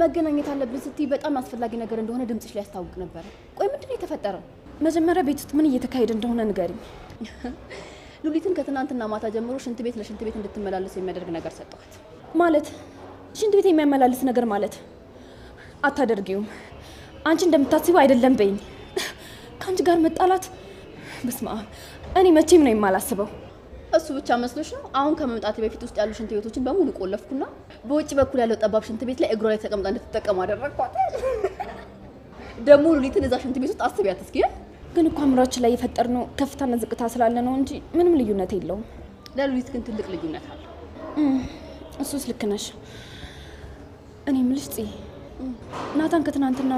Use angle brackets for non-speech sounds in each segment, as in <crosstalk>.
መገናኘት አለብን ስትይ በጣም አስፈላጊ ነገር እንደሆነ ድምጽሽ ላይ ያስታውቅ ነበር ቆይ ምንድን ነው የተፈጠረው? መጀመሪያ ቤት ውስጥ ምን እየተካሄደ እንደሆነ ንገሪኝ። <laughs> ሉሊትን ከትናንትና ማታ ጀምሮ ሽንት ቤት ለሽንት ቤት እንድትመላለስ የሚያደርግ ነገር ሰጠኋት። ማለት ሽንት ቤት የሚያመላልስ ነገር ማለት አታደርጊውም፣ አንቺ እንደምታስቢው አይደለም በይኝ። <laughs> ከአንቺ ጋር መጣላት፣ በስመ አብ እኔ መቼም ነው የማላስበው። እሱ ብቻ መስሎች ነው። አሁን ከመምጣት በፊት ውስጥ ያሉ ሽንት ቤቶችን በሙሉ ቆለፍኩና በውጭ በኩል ያለው ጠባብ ሽንት ቤት ላይ እግሯ ላይ ተቀምጣ እንድትጠቀሙ አደረግኳት። ደግሞ ሉሊትን እዛ ሽንት ቤት ውስጥ አስቢያት እስኪ። ግን እኮ አእምሯችን ላይ የፈጠርነው ከፍታና ዝቅታ ስላለ ነው እንጂ ምንም ልዩነት የለውም። ለሉሊት ግን ትልቅ ልዩነት አለ። እሱስ ልክ ነሽ። እኔ የምልሽ ጽ ናታን ከትናንትና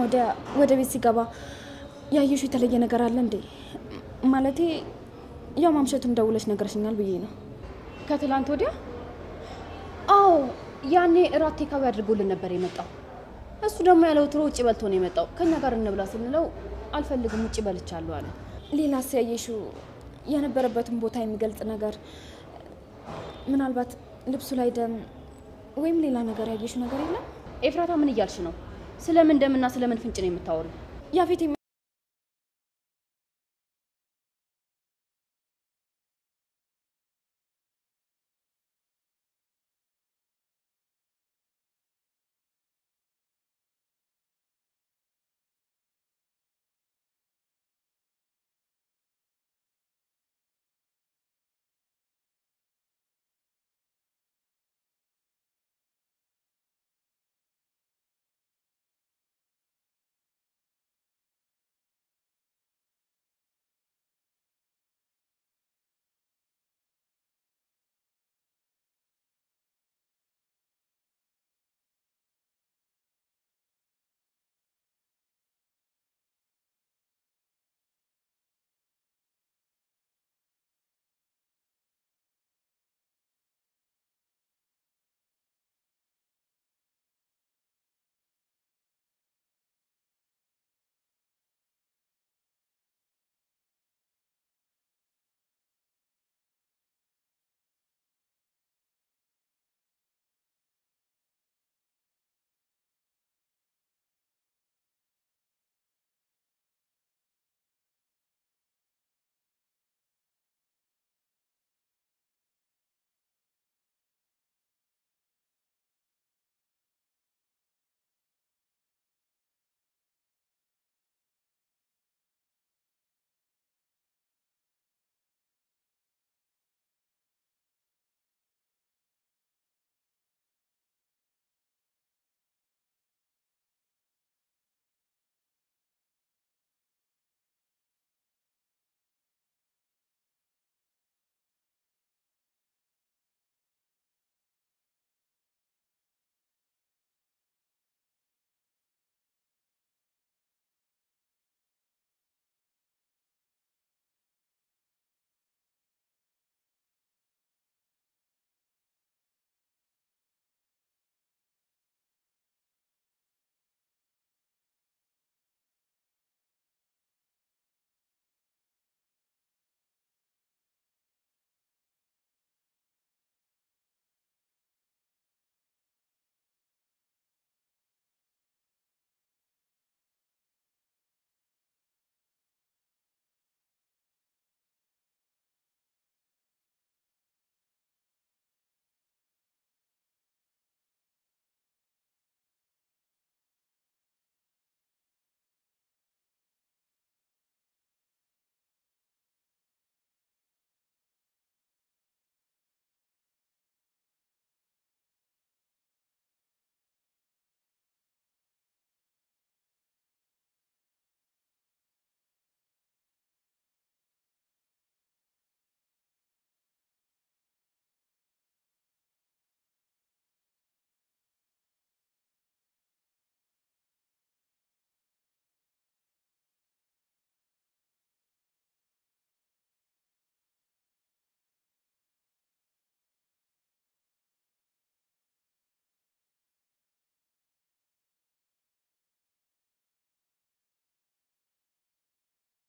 ወደ ቤት ሲገባ ያየሽው የተለየ ነገር አለ እንዴ? ማለቴ ያው ማምሸትም ደውለሽ ነገርሽኛል ብዬ ነው። ከትላንት ወዲያ? አዎ፣ ያኔ እራት ቴካዊ አድርጎልን ነበር የመጣው። እሱ ደግሞ ያለ ወትሮ ውጭ በልቶ ነው የመጣው። ከኛ ጋር እንብላ ስንለው አልፈልግም ውጭ በልቻለሁ አለ። ሌላ ሲያየሹ የነበረበትን ቦታ የሚገልጽ ነገር ምናልባት ልብሱ ላይ ደም ወይም ሌላ ነገር ያየሽው ነገር የለም? ኤፍራታ ምን እያልሽ ነው? ስለምን ደምና ስለምን ፍንጭ ነው የምታወሩ? ያፌት